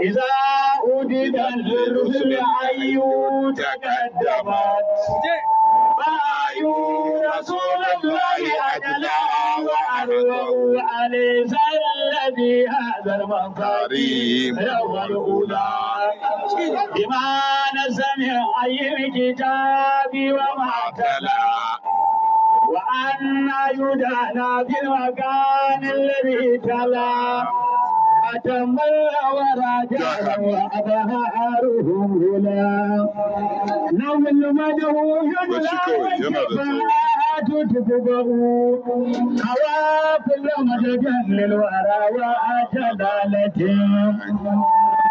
إذا أدت الرسل أي تقدمت فأيوا رسول الله أجلى وأروى أليس الذي هذا المنصريم له الأولى بما نزل أي الكتاب وما تلا وأن يدعنا بالمكان الذي تلا أتمل ورجال وأبهارهم غلام لو المده يدلى والشفاعة تتبع قوافل مددا للورى وجلالته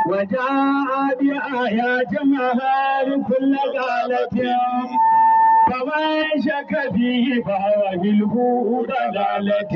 وجاء بآيات مهار كل غالة فمن شك فيه فهو في الهود ضلالة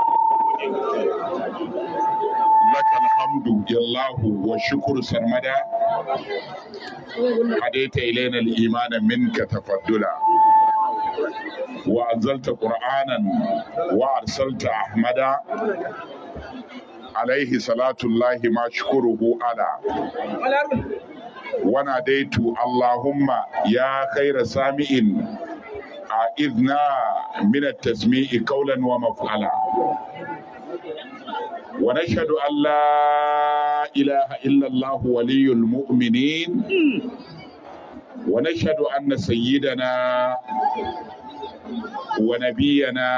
lakal hamdu lillahu wa shukur sarmada hadaita ilayna al-imana minka tafaddula wa anzalta qur'anan wa arsalta ahmada alaihi salatu llahi ma shukuruhu wana daitu allahumma ya khaira sami'in a idna min tasmii qawlan wa maf'ala ونشهد أن لا إله إلا الله ولي المؤمنين ونشهد أن سيدنا ونبينا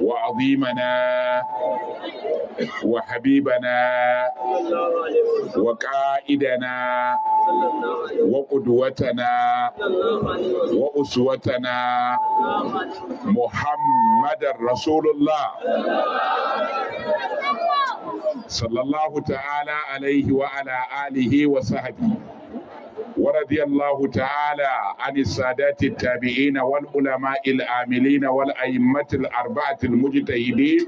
وعظيمنا وحبيبنا وقائدنا وقدوتنا وأسوتنا محمد muhammadin rasulullah sallallahu ta'ala alaihi wa ala alihi wa sahabi wa radiyallahu ta'ala an sadati tabi'ina wal ulama il amilina wal ayyimatil arba'atil mujtahidin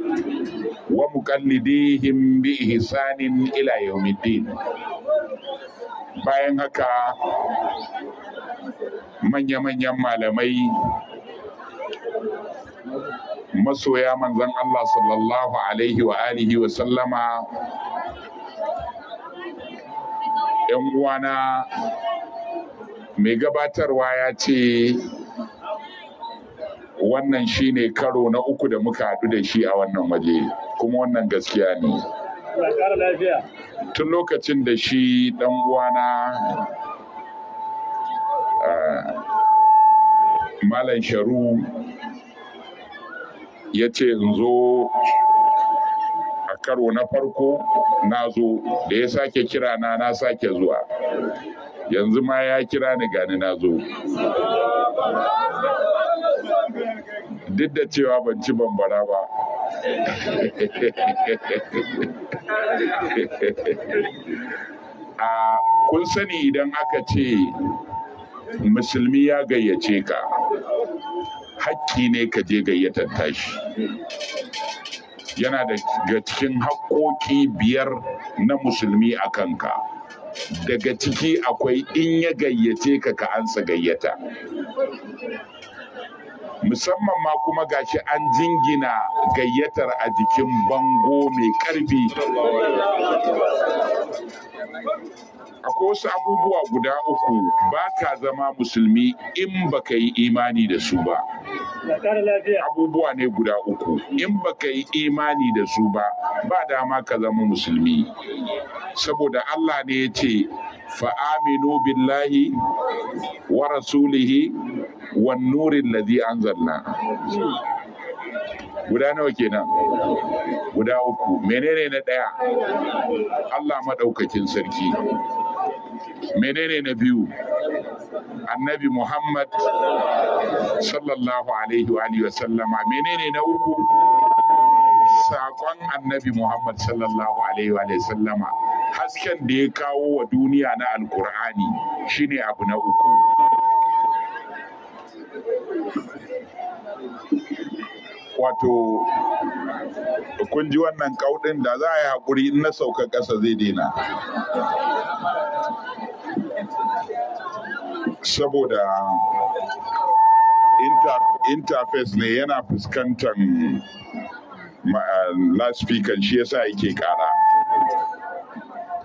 wa muqallidihim bi ihsanin ila yawmiddin bayan haka manya manyan malamai masoya manzan Allah sallallahu alaihi wa alihi wa sallama ‘yan uwana mai gabatarwa ya ce wannan shine karo na uku da muka haɗu da shi a wannan waje kuma wannan gaskiya ne tun lokacin da shi ɗan uwana ah, malam sharu ya ce in zo a karo na farko na zo da ya sake kira na na sake zuwa yanzu ma ya kira ni gani na zo duk da cewa ban ci bambara ba a kun sani idan aka ce musulmi ya gayyace ka haƙƙi ne ka je gayyatar tashi yana daga cikin haƙƙoƙi biyar na musulmi a kanka daga ciki akwai in ya gayyace ka ka ansa gayyata musamman ma kuma gashi an jingina gayyatar a jikin bango mai ƙarfi. akwai wasu abubuwa guda uku ba ka zama musulmi in ba ka yi imani da su ba. Abubuwa ne guda uku in ba ka yi imani da su ba ba dama ka zama musulmi. Saboda Allah ne ya ce fa'aminu billahi wa rasulihi wa nurin lazi anzalna. guda nawa kenan guda uku menene na ɗaya Allah maɗaukakin sarki menene na biyu annabi muhammad sallallahu alaihi wa alihi wasallama menene na uku saƙon annabi muhammad sallallahu alaihi wa sallama hasken da ya kawo wa duniya na alkur'ani shine abu na uku wato kun ji wannan kaudin da za a yi haƙuri in na sauka ƙasa zai daina saboda interface ne yana fuskantar loudspeaker shi yasa yake kara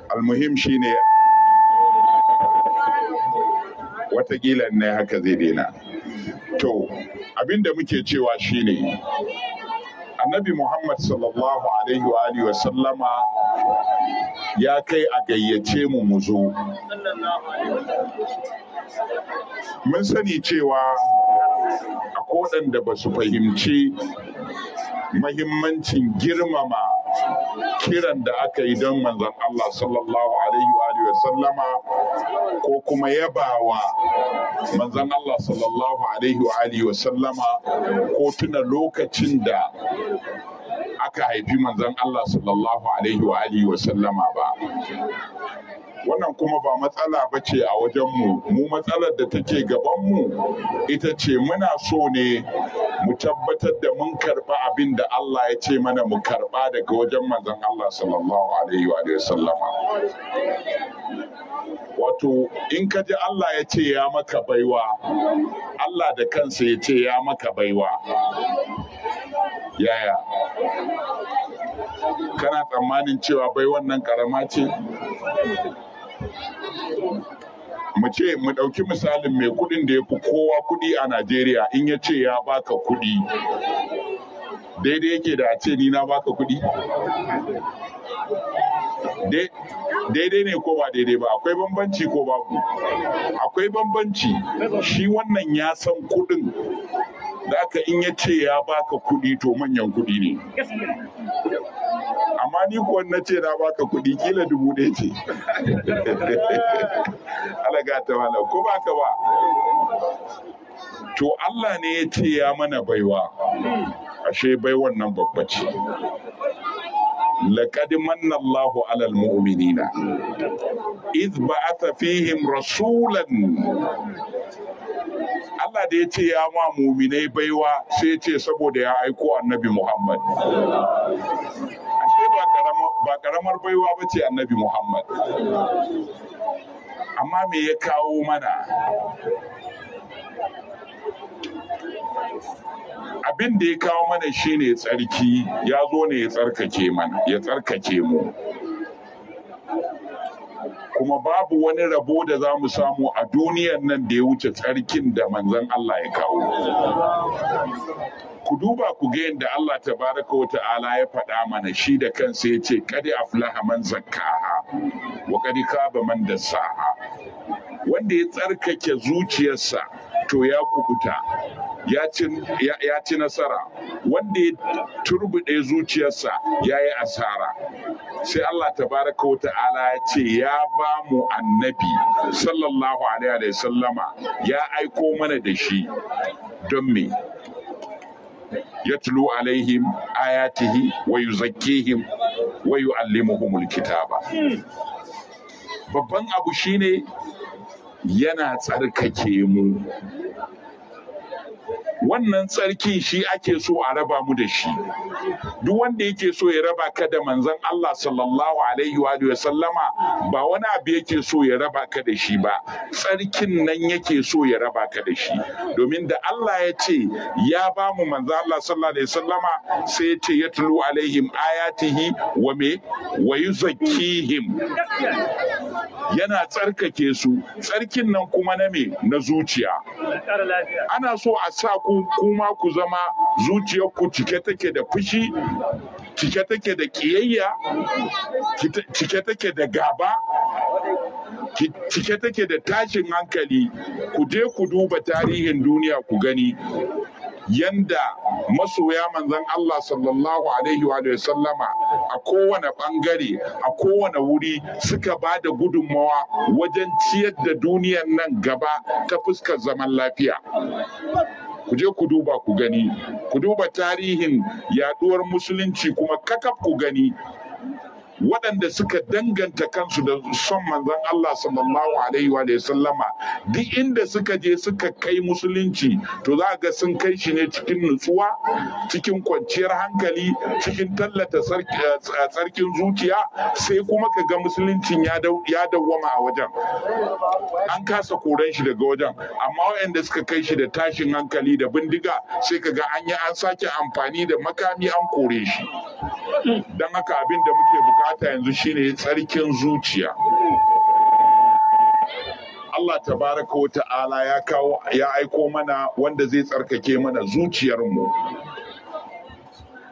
almuhim ne watakila ne haka zai daina to abinda muke cewa shi ne. annabi muhammad sallallahu alaihi wa alihi wa sallama ya kai a gayyace mu mu zo mun sani cewa a waɗanda ba su fahimci mahimmancin girmama kiran da aka yi don Manzan Allah sallallahu alaihi wa sallama ko kuma yabawa Manzan Allah sallallahu alaihi wa sallama ko tuna lokacin da Ka haifi manzan Allah sallallahu alaihi wa alihi wa sallama ba wannan kuma ba matsala ba ce a wajenmu mu matsalar da take gabanmu ita ce muna so ne mu tabbatar da mun karba abin da Allah ya ce mana mu karba daga wajen manzon Allah sallallahu alaihi wa sallama wato in ka ji Allah ya ce ya maka baiwa Allah da kansa ya ce ya maka baiwa yaya kana tsammanin cewa bai wannan karama ce mu ce mu ɗauki misalin mai kuɗin da ya fi kowa kuɗi a najeriya in ya ce ya baka kuɗi daidai yake da a ce ni na baka kuɗi daidai ne ko ba daidai ba akwai bambanci ko babu akwai bambanci shi wannan ya san kuɗin da aka in ya ce ya baka kuɗi to manyan kuɗi ne amma ni kuwa na ce na baka kuɗi kila dubu ɗaya ce alaga ta wala ko baka ba to Allah ne ya ce ya mana baiwa ashe baiwan nan babba ce لقد من الله على المؤمنين إذ بعث فيهم رسولا Allah da ya ce ya ma muminai baiwa sai ya ce saboda ya aiko annabi Muhammad. Ashe ba karamar baiwa ba ce annabi Muhammad. Amma me ya kawo mana? Abin da ya kawo mana shine tsarki ya zo ne ya tsarkake mana, ya tsarkake mu. kuma babu wani rabo da za mu samu a duniyan nan da ya wuce tsarkin da manzon Allah ya kawo ku duba ku ga yadda Allah tabaraka wa ta'ala ya faɗa mana shi da kansa ya ce kadi aflaha man zakkaha wa kadi kaba man dassaha wanda ya tsarkake zuciyarsa to ya kubuta ya ci nasara wanda ya turbuɗe zuciyarsa ya yi asara sai Allah tabaraka wa ta'ala ya ce ya ba mu annabi sallallahu alaihi wa sallama ya aiko mana da shi don me ya tulu alaihim ayatihi wa yuzakkihim wa yu'allimuhumul kitaba babban abu shine yana tsarkake mu wannan tsarkin shi ake so a raba mu da shi duk wanda yake so ya raba ka da manzon Allah sallallahu alaihi wa sallama ba wani abu yake so ya raba ka da shi ba tsarkin nan yake so ya raba ka da shi domin da Allah ya ce ya ba mu manzon Allah sallallahu alaihi sallama sai ya ce yatlu alaihim ayatihi wa me wa yuzakkihim yana tsarkake su tsarkin nan kuma na me na zuciya ana so a sa ku ku kuma ku zama zuciyarku cike take da fushi cike take da ƙiyayya cike take da gaba cike take da tashin hankali ku je ku duba tarihin duniya ku gani yanda masoya manzan Allah sallallahu alaihi wa sallama a kowane bangare a kowane wuri suka ba da gudunmawa wajen ciyar da duniyar nan gaba ta fuskar zaman lafiya ku je ku duba ku gani ku duba tarihin yaduwar musulunci kuma kakaf ku gani waɗanda suka danganta kansu da son manzon Allah sallallahu alaihi wa sallama duk inda suka je suka kai musulunci to za ga sun kai shi ne cikin nutsuwa cikin kwanciyar hankali cikin tallata eh, sarkin zuciya sai kuma ka ga musuluncin ya dawwama a wajen an kasa koren shi daga wajen amma waɗanda suka kai shi da tashin hankali da bindiga sai ka ga an yi an sake amfani da makami an kore shi don haka abin da muke bukata kamata yanzu shine tsarkin zuciya Allah tabaraka wa ta'ala ya kawo ya aiko mana wanda zai tsarkake mana zuciyarmu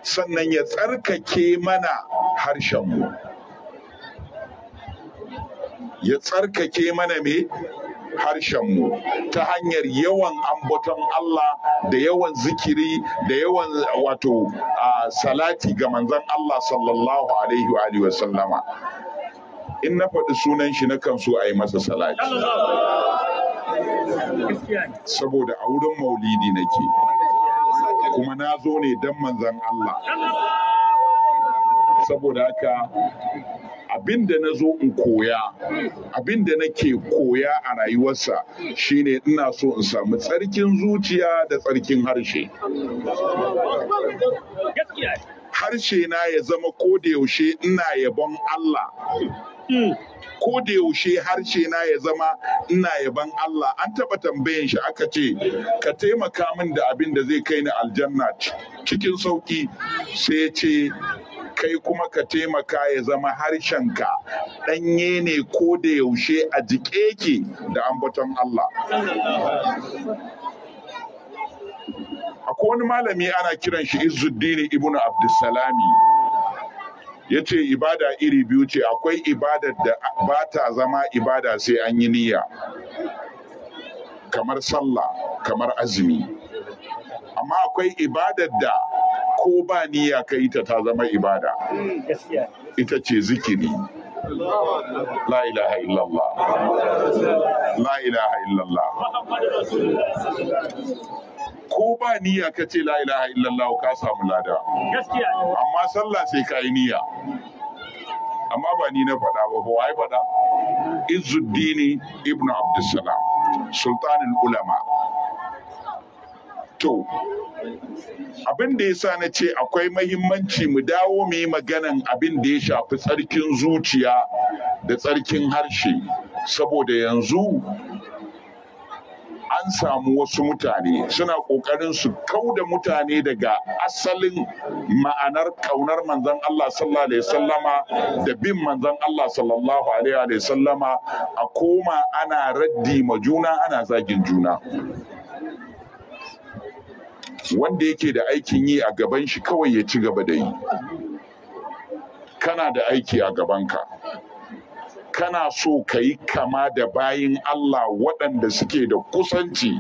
sannan ya tsarkake mana harshenmu ya tsarkake mana me harshenmu ta hanyar yawan ambaton Allah da yawan zikiri da yawan wato salati ga manzon Allah sallallahu alaihi wa alihi in na faɗi sunan shi na kan so a yi masa salati saboda a wurin maulidi nake kuma na zo ne don manzon Allah saboda haka abin da na zo in koya abin da nake koya a rayuwarsa shine ina so in samu tsarkin zuciya da tsarkin harshe harshe na ya zama ko da yaushe ina yabon Allah ko da yaushe harshe na ya zama ina yaban Allah an taba tambayan shi aka ce ka taimaka min da abin da zai kai ni aljanna cikin sauki sai ya ce kai kuma ka taimaka ya zama harshen ka ɗanye ne ko da yaushe a jike ke da ambaton Allah. Akwai wani malami ana kiran shi Izzuddini Ibn Abdulsalami. ya ce ibada iri biyu ce akwai ibadar da ba ta zama ibada sai an yi niyya kamar sallah kamar azumi amma akwai ibadar da ko ba niyya ka ita ta zama ibada ita ce zikiri la ilaha illallah la ilaha illallah ko ba niyya ka ce la ilaha illallah ka samu lada amma sallah sai ka yi niyya amma ba ni na faɗa ba ba wai faɗa izuddini Ibn abdussalam sultanul ulama To, abin da ya sa na ce akwai mahimmanci mu dawo mu yi maganan abin da ya shafi tsarkin zuciya da tsarkin harshe, saboda yanzu an samu wasu mutane suna ƙoƙarin su kau da mutane daga asalin ma'anar ƙaunar manzan Allah sallallahu alaihi sallama da bin manzan Allah sallallahu alaihi sallama a koma ana raddi ma juna ana zagin juna. wanda yake da aikin yi a gaban shi kawai ya ci gaba da yi kana da aiki a gabanka kana so ka yi kama da bayin Allah waɗanda suke da kusanci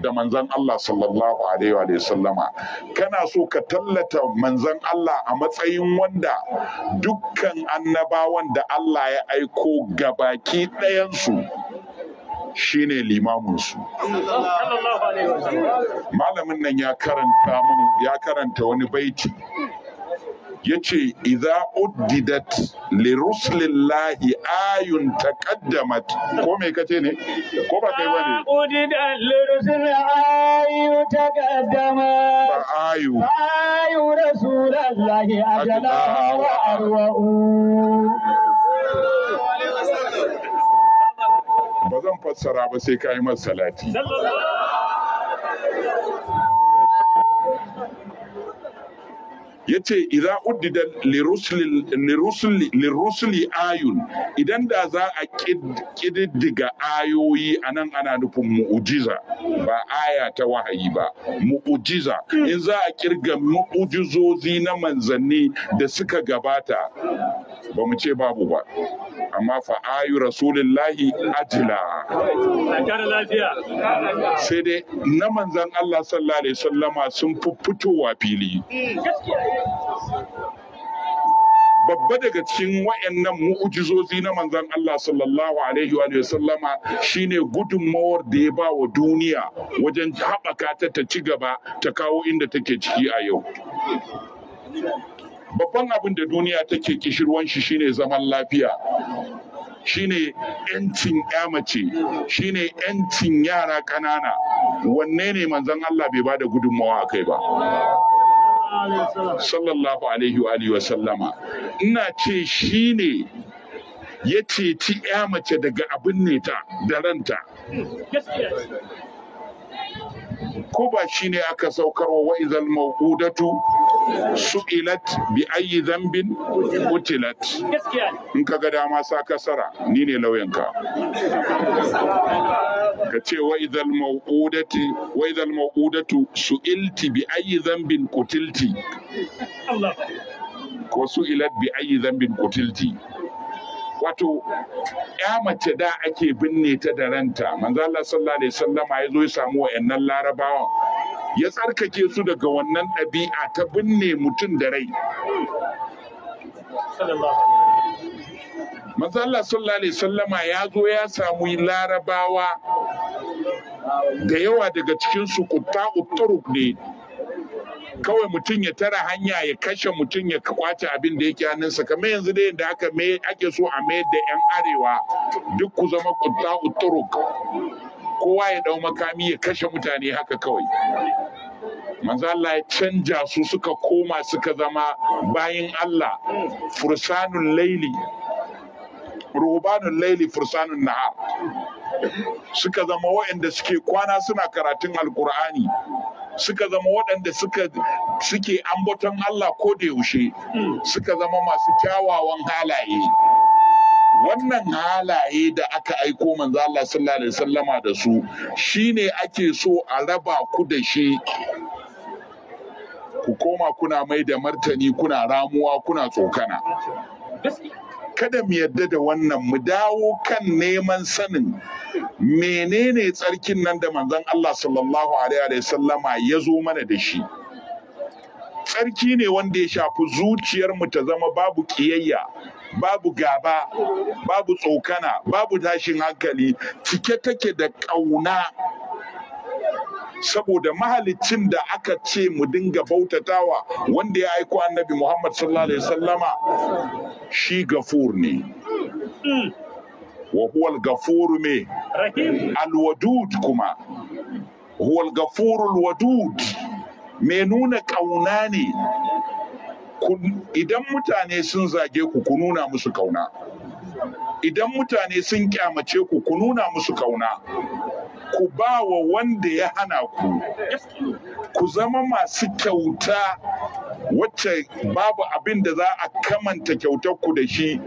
da manzan Allah sallallahu alaihi wa sallama kana so ka tallata manzan Allah a matsayin wanda dukkan annabawan da Allah ya aiko ga gabaki ɗayansu shine limaminsu malamin nan ya karanta mun ya karanta wani baiti yace idza uddidat li rusulillahi ayun taqaddamat ko me kace ne ko ba kai bane uddidat li rusulillahi ayun taqaddamat ba ayu ayu rasulillahi ajala wa arwa'u fassara ba sai ka yi masa salati. Ya idan uddidan lirusuli ayun idan da za a ƙididdiga ayoyi a nan ana nufin mu'ujiza ba aya ta wahayi ba mu'ujiza in za a ƙirga mu'ujizozi na manzanni da suka gabata ba mu ce babu ba amma fa ayu rasulillahi ajila sai dai na manzan Allah sallallahu alaihi sallama sun fi fitowa fili mm, babba daga cikin wayannan mu'ujizozi na manzon Allah sallallahu alaihi wa sallama shine gudunmawar da ya ba wa duniya wajen haɓaka ta ta ci gaba ta kawo inda take ciki a yau babban abin da duniya take kishirwan shi shine zaman lafiya shine yancin mace shine yancin yara ƙanana wanne ne manzon Allah bai ba da gudunmawa a kai ba sallallahu alaihi wa alihi wa sallama ina ce shine ya ceci ya mace daga abin ne ta da ranta ko ba shine aka saukarwa wa izal mawqudatu su'ilat bi ayi zambin utilat in ka ga dama sa kasara ni ne lauyanka ka ce wa idal mau'udati wa idal su'ilti bi ayi zambin kutilti ko su'ilat bi ayi zambin kutilti wato ya mace da ake binne ta da ranta manzo Allah sallallahu alaihi wasallama ya zo ya samu wa'annan larabawan ya tsarkake su daga wannan ɗabi'a ta binne mutum da rai Mazalla sallallahu alaihi sallama ya zo ya samu larabawa da yawa daga cikinsu kuta Uturuk ne kawai mutum ya tara hanya ya kashe mutum ya kwace abin da yake hannunsa kamar yanzu da yadda aka ake so a mayar da 'yan arewa duk ku zama kuta Uturuk. kowa ya dau makami ya kashe mutane haka kawai manzo Allah ya canja su suka koma suka zama bayin Allah fursanul laili rubanul laili fursanun nahar suka zama waɗanda suke kwana suna karatun alkur'ani suka zama waɗanda suke ambaton Allah ko da yaushe suka zama masu kyawawan halaye wannan halaye da aka aiko manzo Allah sallallahu alaihi wasallama da su shine ake so a raba ku da shi ku koma kuna mai da martani kuna ramuwa kuna tsokana kada mu yadda da wannan mu dawo kan neman sanin menene tsarkin nan da manzon Allah sallallahu alaihi wasallama ya zo mana da shi tsarki ne wanda ya shafi zuciyarmu ta zama babu kiyayya babu gaba babu tsokana babu tashin hankali cike take da ƙauna saboda mahalicin da aka ce mu dinga bautatawa wanda ya aiko annabi Muhammad sallallahu alaihi sallama shi gafur ne. Wa huwal gafur me alwadud kuma, huwal gafurul wadud mai nuna ƙauna ne idan mutane sun zage ku ku nuna musu kauna idan mutane sun kyamace ku ku nuna musu kauna ku ba wa wanda ya hana ku ku zama masu kyauta wacce babu abin da za a kamanta kyautar ku da shi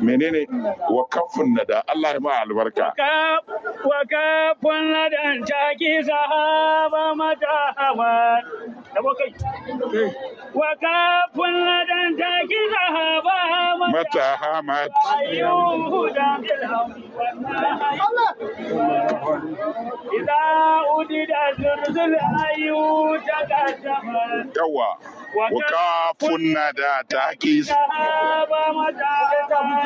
menene wa kafin nada Allah ya ma albarka wa kafin nadan taki sahaba mata hawa wa kafin da taki sahaba mata hamat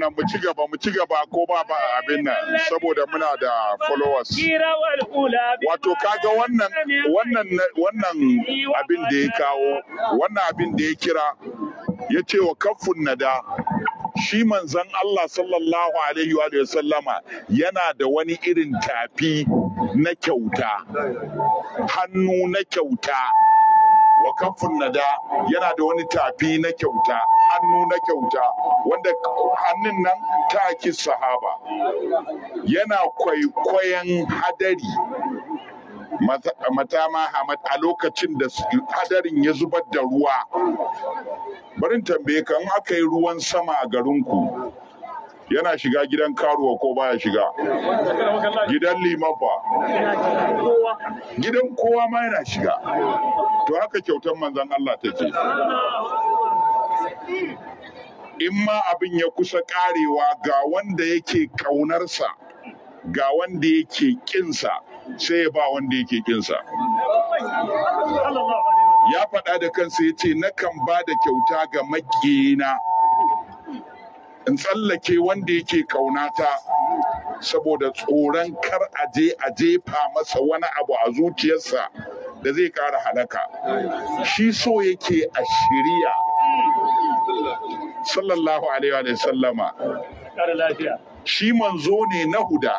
wannan mu ci gaba mu ci gaba ko ba ba abin nan saboda muna da followers wato kaga wannan wannan wannan abin da ya kawo wannan abin da ya kira ya ce wa kafin nada shi manzan Allah sallallahu alaihi wa sallama yana da wani irin tafi na kyauta hannu na kyauta wa kafin nada yana da wani tafi na kyauta hannu na kyauta wanda hannun nan ta ki sahaba yana kwaikwayon hadari matama hamad a lokacin da hadarin ya zubar da ruwa barin tambaye kan aka yi ruwan sama a garinku yana shiga gidan karuwa ko baya shiga gidan limafa gidan kowa ma yana shiga to haka kyautar manzon Allah take in ma abin ya kusa karewa ga wanda yake ƙaunarsa ga wanda yake ƙinsa sai ya ba wanda yake ƙinsa ya faɗa da kansa ya ce nakan ba da kyauta ga makiyina in tsallake wanda yake ƙaunata saboda tsoron kar a je a jefa masa wani abu a zuciyarsa da zai ƙara halaka shi so yake a shirya sallallahu alaihi wa sallama shi manzo ne na huda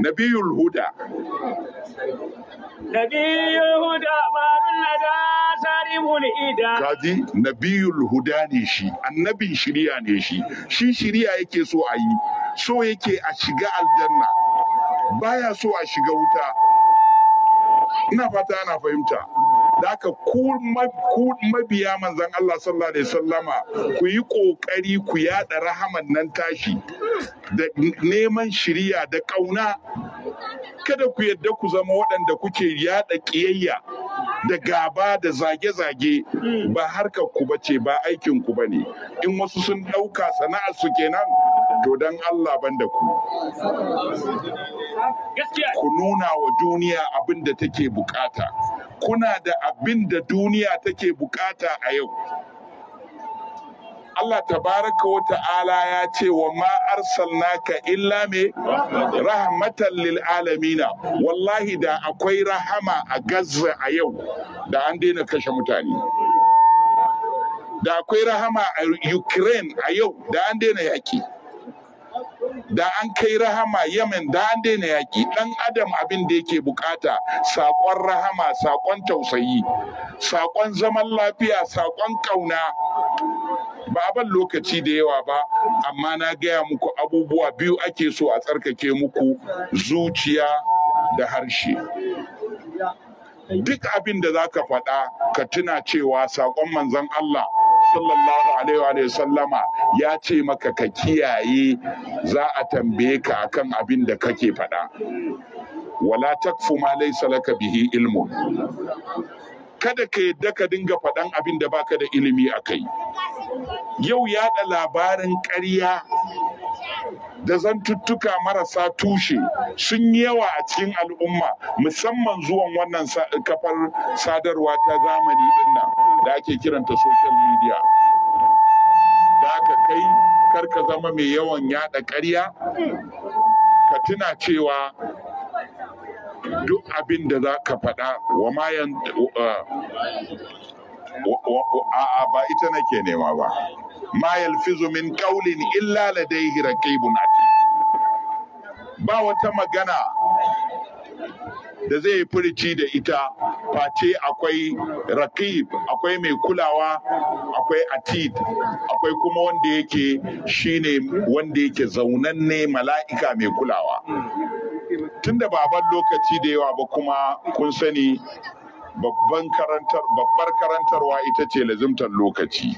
nabiyul huda nabiyul huda barun nada sarihul ida kaji nabiyul huda ne shi annabin shiriya ne shi shi shiriya yake so a yi so yake a shiga aljanna baya so a shiga wuta ina fata ana fahimta da ka ku mabiya manzan Allah sallallahu alaihi sallama ku yi ƙoƙari ku yaɗa rahaman nan tashi da neman shiriya da ƙauna kada ku yadda ku zama waɗanda kuke yaɗa ƙiyayya da gaba da zage-zage ba harkar ku bace ba aikin ku bane in wasu sun ɗauka sana'ar su kenan to don Allah ban da ku. Ku nuna wa duniya abin da take bukata. kuna da abin da duniya take bukata a yau Allah tabaraka wa ta'ala ya ce wa ma arsalnaka illa me rahmatan lil alamina wallahi da akwai rahama a Gaza a yau da an daina kashe mutane da akwai rahama a Ukraine a yau da an daina yaki da an kai rahama Yemen da an daina yaƙi ɗan adam abin da yake bukata saƙon rahama saƙon tausayi saƙon zaman lafiya saƙon ƙauna ba a ban lokaci da yawa ba amma na gaya muku abubuwa biyu ake so a tsarkake muku zuciya da harshe duk abin da za ka faɗa ka tuna cewa saƙon manzon Allah sallallahu alaihi wa sallama ya ce maka ka kiyaye za a tambaye ka akan abin da kake faɗa wala takfu ma laysa laka bihi ilmu kada ka yadda ka dinga faɗan abin da baka da ilimi a kai yau yaɗa labarin ƙarya da zantuttuka marasa tushe sun yi yawa a cikin al'umma musamman zuwan wannan kafar sadarwa ta zamani dinnan. da ake kiranta social media da ka kai kar ka zama mai yawan yada karya ka tuna cewa duk abin da za ka faɗa wa mayan a'a ba ita nake nema ba ma yalfizu min qawlin illa ladayhi raqibun ba wata magana da zai yi furici da ita face akwai rakib akwai mai kulawa akwai atid akwai kuma wanda yake shine wanda yake zaunanne mala'ika mai kulawa Tunda da baban lokaci da yawa ba kuma kun sani babbar karantarwa ita ce lazimtar lokaci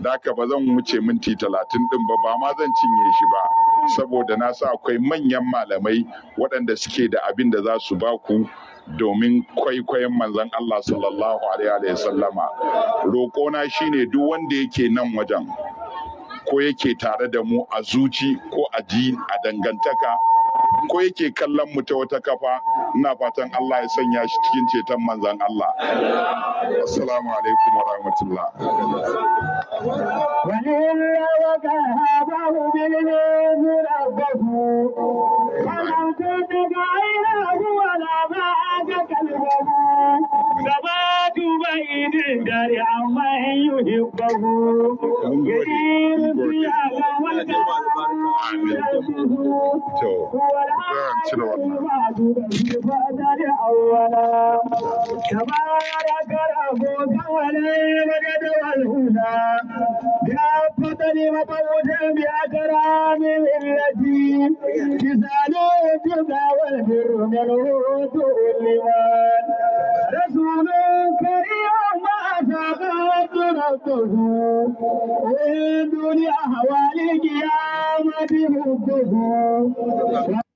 da ba zan wuce minti talatin din ba ba ma zan cinye shi ba saboda na sa akwai manyan malamai waɗanda suke da abin da za su ku domin kwaikwayon manzon Allah sallallahu alaihi wa sallama roƙona shine duk wanda yake nan wajen ko yake tare da mu a zuci ko a ji a dangantaka ko yake kallon mu ta wata kafa ina fatan Allah ya sanya shi cikin ceton manzon Allah assalamu alaikum wa rahmatullah وإلا وكهابه بالميز ربه فلم تدق عيناه ولا معك كلبه ثبات بعيد دار عما يحبه يدير فيها والكلام هو الحق فأدر أولا كما ذكره والعلم والهدى كافة لمطوت بأكرام التي كسال الجبى والبر منه تؤلمان رسول كريم فقد ربه وإن دنيا أهوال القيامة ربه